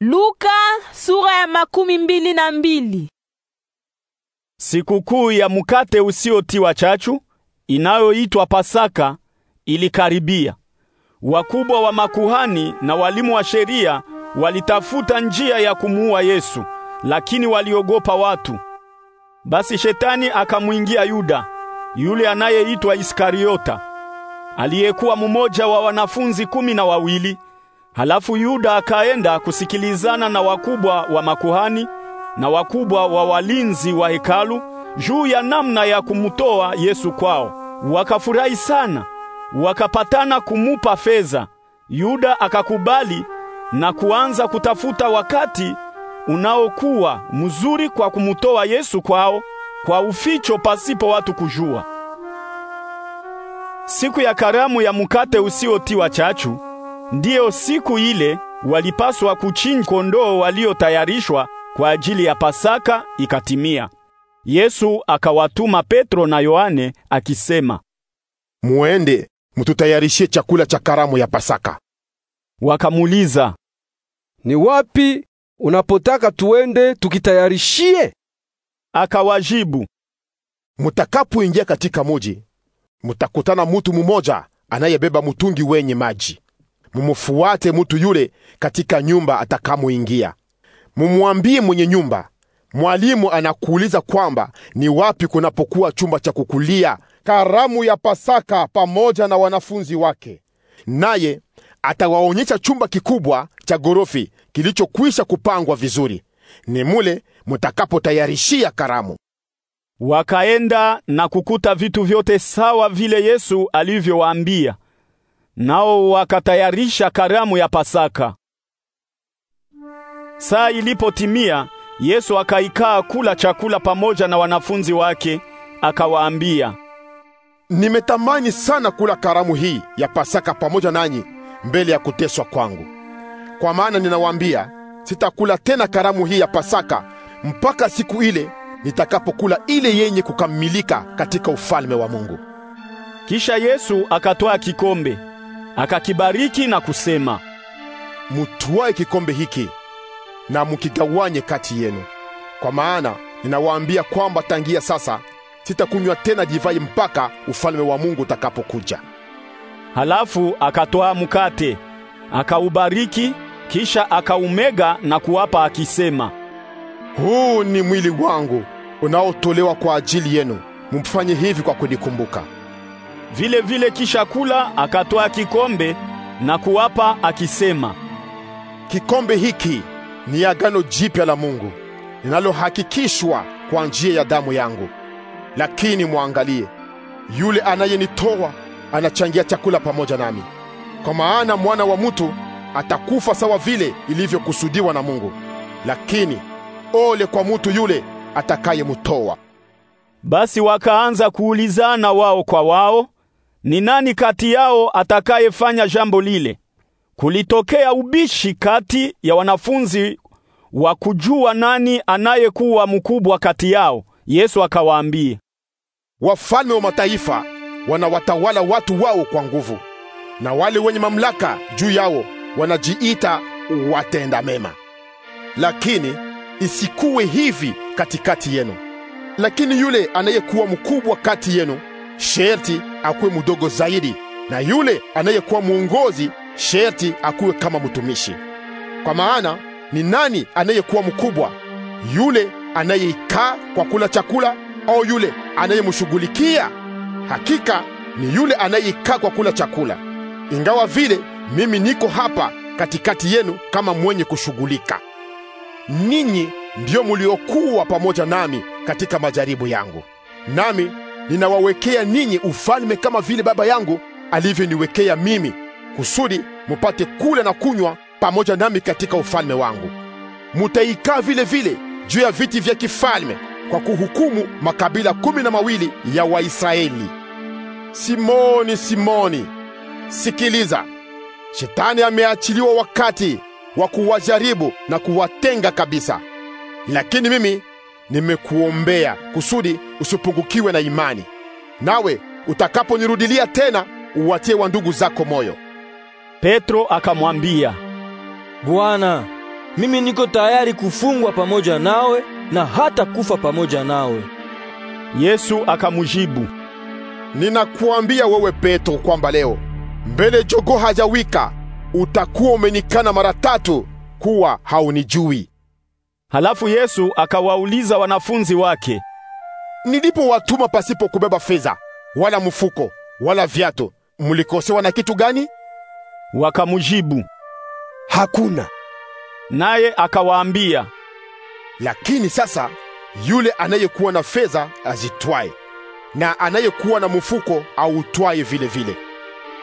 Luka sura ya makumi mbili na mbili. Sikukuu ya mkate usiotiwa chachu inayoitwa Pasaka ilikaribia. Wakubwa wa makuhani na walimu wa sheria walitafuta njia ya kumuua Yesu, lakini waliogopa watu. Basi shetani akamwingia Yuda, yule anayeitwa Iskariota, aliyekuwa mmoja wa wanafunzi kumi na wawili Halafu Yuda akaenda kusikilizana na wakubwa wa makuhani na wakubwa wa walinzi wa hekalu juu ya namna ya kumtoa Yesu kwao. Wakafurahi sana, wakapatana kumupa fedha. Yuda akakubali na kuanza kutafuta wakati unaokuwa mzuri kwa kumtoa Yesu kwao kwa uficho pasipo watu kujua. Siku ya karamu ya mkate usiotiwa chachu Ndiyo siku ile walipaswa kuchinja kondoo waliotayarishwa kwa ajili ya Pasaka ikatimia. Yesu akawatuma Petro na Yohane akisema, muende mututayarishie chakula cha karamu ya Pasaka. Wakamuuliza, ni wapi unapotaka tuende tukitayarishie? Akawajibu, mutakapoingia katika muji mutakutana mutu mumoja anayebeba mutungi wenye maji mumfuate mutu yule katika nyumba atakamuingia. Mumwambie mwenye nyumba, mwalimu anakuuliza kwamba ni wapi kunapokuwa chumba cha kukulia karamu ya Pasaka pamoja na wanafunzi wake, naye atawaonyesha chumba kikubwa cha gorofi kilichokwisha kupangwa vizuri; ni mule mutakapotayarishia karamu. Wakaenda na kukuta vitu vyote sawa vile Yesu alivyowaambia nao wakatayarisha karamu ya Pasaka. Saa ilipotimia, Yesu akaikaa kula chakula pamoja na wanafunzi wake, akawaambia, nimetamani sana kula karamu hii ya Pasaka pamoja nanyi mbele ya kuteswa kwangu. Kwa maana ninawaambia, sitakula tena karamu hii ya Pasaka mpaka siku ile nitakapokula ile yenye kukamilika katika ufalme wa Mungu. Kisha Yesu akatoa kikombe akakibariki na kusema, mutwae kikombe hiki na mukigawanye kati yenu, kwa maana ninawaambia kwamba tangia sasa sitakunywa tena divai mpaka ufalme wa Mungu utakapokuja. Halafu akatoa mkate, akaubariki, kisha akaumega na kuwapa akisema, huu ni mwili wangu unaotolewa kwa ajili yenu, mufanye hivi kwa kunikumbuka. Vile vile kisha kula, akatoa kikombe na kuwapa akisema, kikombe hiki ni agano jipya la Mungu linalohakikishwa kwa njia ya damu yangu. Lakini mwangalie, yule anayenitoa anachangia chakula pamoja nami, kwa maana mwana wa mtu atakufa sawa vile ilivyokusudiwa na Mungu, lakini ole kwa mtu yule atakayemtoa. Basi wakaanza kuulizana wao kwa wao ni nani kati yao atakayefanya jambo lile? Kulitokea ubishi kati ya wanafunzi wa kujua nani anayekuwa mkubwa kati yao. Yesu akawaambia, wafalme wa mataifa wanawatawala watu wao kwa nguvu, na wale wenye mamlaka juu yao wanajiita watenda mema. Lakini isikuwe hivi katikati yenu, lakini yule anayekuwa mkubwa kati yenu sherti akuwe mdogo zaidi, na yule anayekuwa mwongozi sherti akuwe kama mtumishi. Kwa maana ni nani anayekuwa mkubwa, yule anayeikaa kwa kula chakula au yule anayemshughulikia? Hakika ni yule anayeikaa kwa kula chakula. Ingawa vile mimi niko hapa katikati yenu kama mwenye kushughulika. Ninyi ndiyo muliokuwa pamoja nami katika majaribu yangu, nami ninawawekea ninyi ufalme kama vile Baba yangu alivyoniwekea mimi, kusudi mupate kula na kunywa pamoja nami katika ufalme wangu. Mutaikaa vile vile juu ya viti vya kifalme kwa kuhukumu makabila kumi na mawili ya Waisraeli. Simoni, Simoni, sikiliza, Shetani ameachiliwa wakati wa kuwajaribu na kuwatenga kabisa, lakini mimi nimekuombea kusudi usipungukiwe na imani. Nawe utakaponirudilia tena, uwatie wa ndugu zako moyo. Petro akamwambia, Bwana, mimi niko tayari kufungwa pamoja nawe na hata kufa pamoja nawe. Yesu akamjibu, ninakuambia wewe Petro kwamba leo mbele jogoo hajawika utakuwa umenikana mara tatu kuwa haunijui. Halafu Yesu akawauliza wanafunzi wake, nilipowatuma pasipo kubeba fedha wala mfuko wala viatu, mulikosewa na kitu gani? Wakamjibu, hakuna. Naye akawaambia, lakini sasa yule anayekuwa na fedha azitwae, na anayekuwa na mfuko autwae vile vile,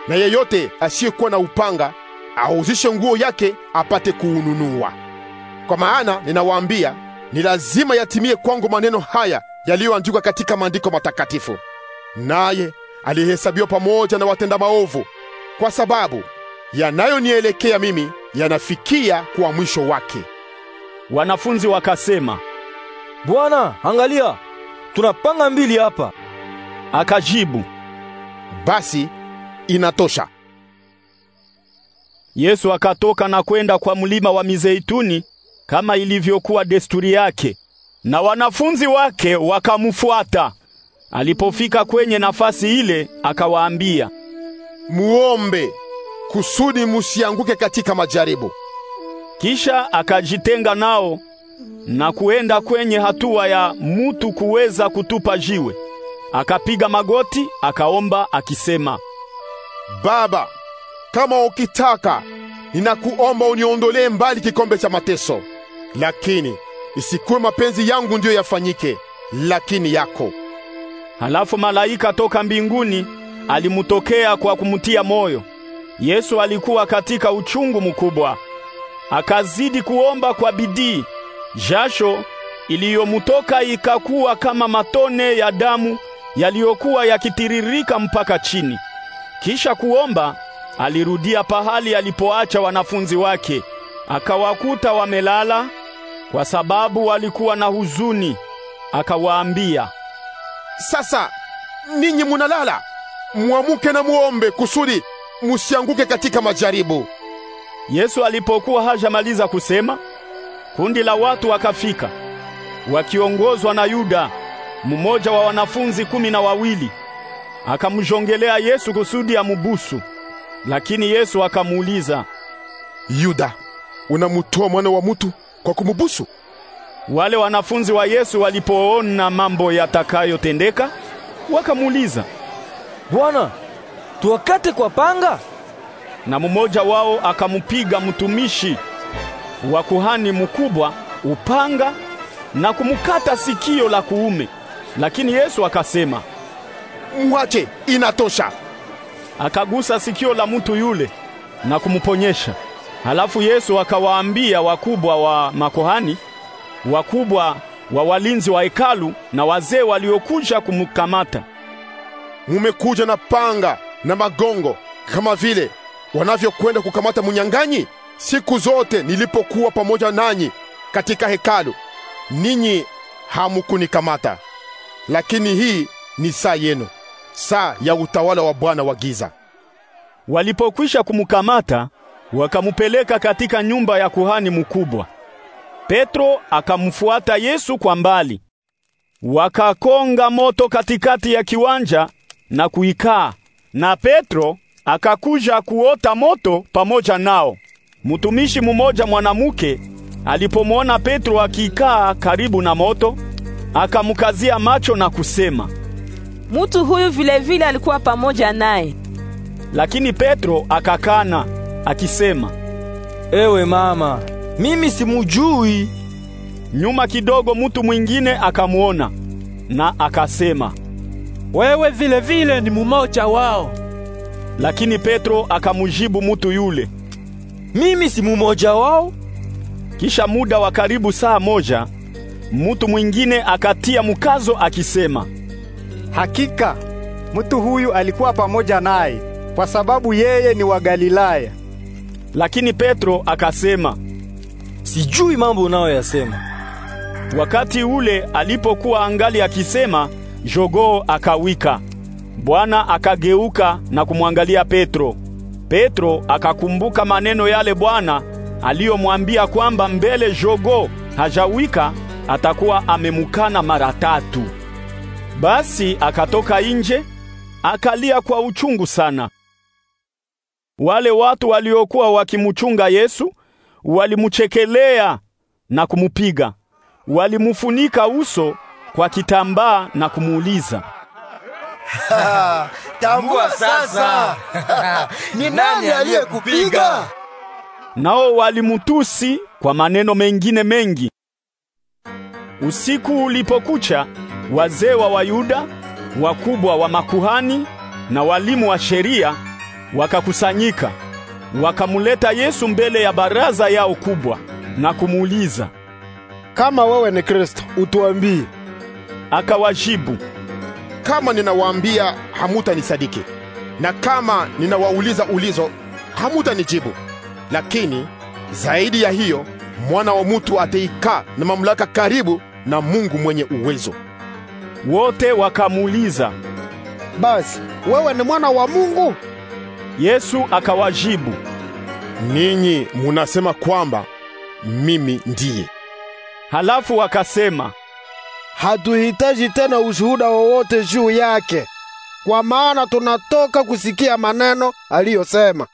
na yeyote asiyekuwa na upanga auzishe nguo yake apate kuununua. Kwa maana ninawaambia, ni lazima yatimie kwangu maneno haya yaliyoandikwa katika maandiko matakatifu. Naye alihesabiwa pamoja na watenda maovu, kwa sababu yanayonielekea mimi yanafikia kwa mwisho wake. Wanafunzi wakasema, Bwana, angalia, tunapanga mbili hapa. Akajibu, basi inatosha. Yesu akatoka na kwenda kwa mlima wa Mizeituni kama ilivyokuwa desturi yake na wanafunzi wake wakamfuata. Alipofika kwenye nafasi ile, akawaambia, muombe kusudi musianguke katika majaribu. Kisha akajitenga nao na kuenda kwenye hatua ya mutu kuweza kutupa jiwe. Akapiga magoti akaomba akisema, Baba, kama ukitaka, ninakuomba uniondolee mbali kikombe cha mateso, lakini isikuwe mapenzi yangu ndiyo yafanyike, lakini yako. Halafu malaika toka mbinguni alimutokea kwa kumtia moyo. Yesu alikuwa katika uchungu mkubwa, akazidi kuomba kwa bidii. Jasho iliyomutoka ikakuwa kama matone ya damu yaliyokuwa yakitiririka mpaka chini. Kisha kuomba, alirudia pahali alipoacha wanafunzi wake, akawakuta wamelala kwa sababu walikuwa na huzuni. Akawaambia, sasa ninyi munalala, mwamuke na muombe kusudi musianguke katika majaribu. Yesu alipokuwa hajamaliza kusema, kundi la watu wakafika wakiongozwa na Yuda, mmoja wa wanafunzi kumi na wawili. Akamjongelea Yesu kusudi amubusu, lakini Yesu akamuuliza, Yuda, unamutoa mwana wa mutu? kwa kumubusu. Wale wanafunzi wa Yesu walipoona mambo yatakayotendeka, wakamuuliza, Bwana, tuwakate kwa panga? Na mmoja wao akamupiga mtumishi wa kuhani mkubwa upanga na kumkata sikio la kuume. Lakini Yesu akasema, mwache, inatosha. Akagusa sikio la mtu yule na kumuponyesha. Halafu Yesu akawaambia wakubwa wa makohani, wakubwa wa walinzi wa hekalu na wazee waliokuja kumkamata, mumekuja na panga na magongo kama vile wanavyokwenda kukamata munyang'anyi. Siku zote nilipokuwa pamoja nanyi katika hekalu, ninyi hamukunikamata, lakini hii ni saa yenu, saa ya utawala wa Bwana wa giza. Walipokwisha kumkamata wakamupeleka katika nyumba ya kuhani mkubwa. Petro akamfuata Yesu kwa mbali. Wakakonga moto katikati ya kiwanja na kuikaa, na Petro akakuja kuota moto pamoja nao. Mtumishi mmoja mwanamke alipomwona Petro akikaa karibu na moto, akamkazia macho na kusema, mtu huyu vilevile vile alikuwa pamoja naye. Lakini Petro akakana akisema, ewe mama, mimi simujui. Nyuma kidogo mutu mwingine akamuona na akasema, wewe vile vile ni mumoja wao. Lakini Petro akamujibu mutu yule, mimi si mumoja wao. Kisha muda wa karibu saa moja mutu mwingine akatia mkazo akisema, hakika mutu huyu alikuwa pamoja naye kwa sababu yeye ni wa Galilaya. Lakini Petro akasema, sijui mambo unayoyasema. Wakati ule alipokuwa angali akisema, jogoo akawika. Bwana akageuka na kumwangalia Petro. Petro akakumbuka maneno yale Bwana aliyomwambia kwamba mbele jogoo hajawika atakuwa amemukana mara tatu. Basi akatoka nje akalia kwa uchungu sana. Wale watu waliokuwa wakimchunga Yesu walimchekelea na kumupiga. Walimfunika uso kwa kitambaa na kumuuliza, tambua sasa ni nani aliyekupiga? Nao walimutusi kwa maneno mengine mengi. Usiku ulipokucha, wazee wa Wayuda, wakubwa wa makuhani na walimu wa sheria Wakakusanyika, wakamuleta Yesu mbele ya baraza yao kubwa na kumuuliza, kama wewe ni Kristo, utuambie. Akawajibu, kama ninawaambia hamutanisadiki, na kama ninawauliza ulizo hamutanijibu. Lakini zaidi ya hiyo, mwana wa mutu ataikaa na mamlaka karibu na Mungu mwenye uwezo. Wote wakamuuliza, basi wewe ni mwana wa Mungu? Yesu akawajibu, ninyi munasema kwamba mimi ndiye. Halafu wakasema, hatuhitaji tena ushuhuda wowote juu yake, kwa maana tunatoka kusikia maneno aliyosema.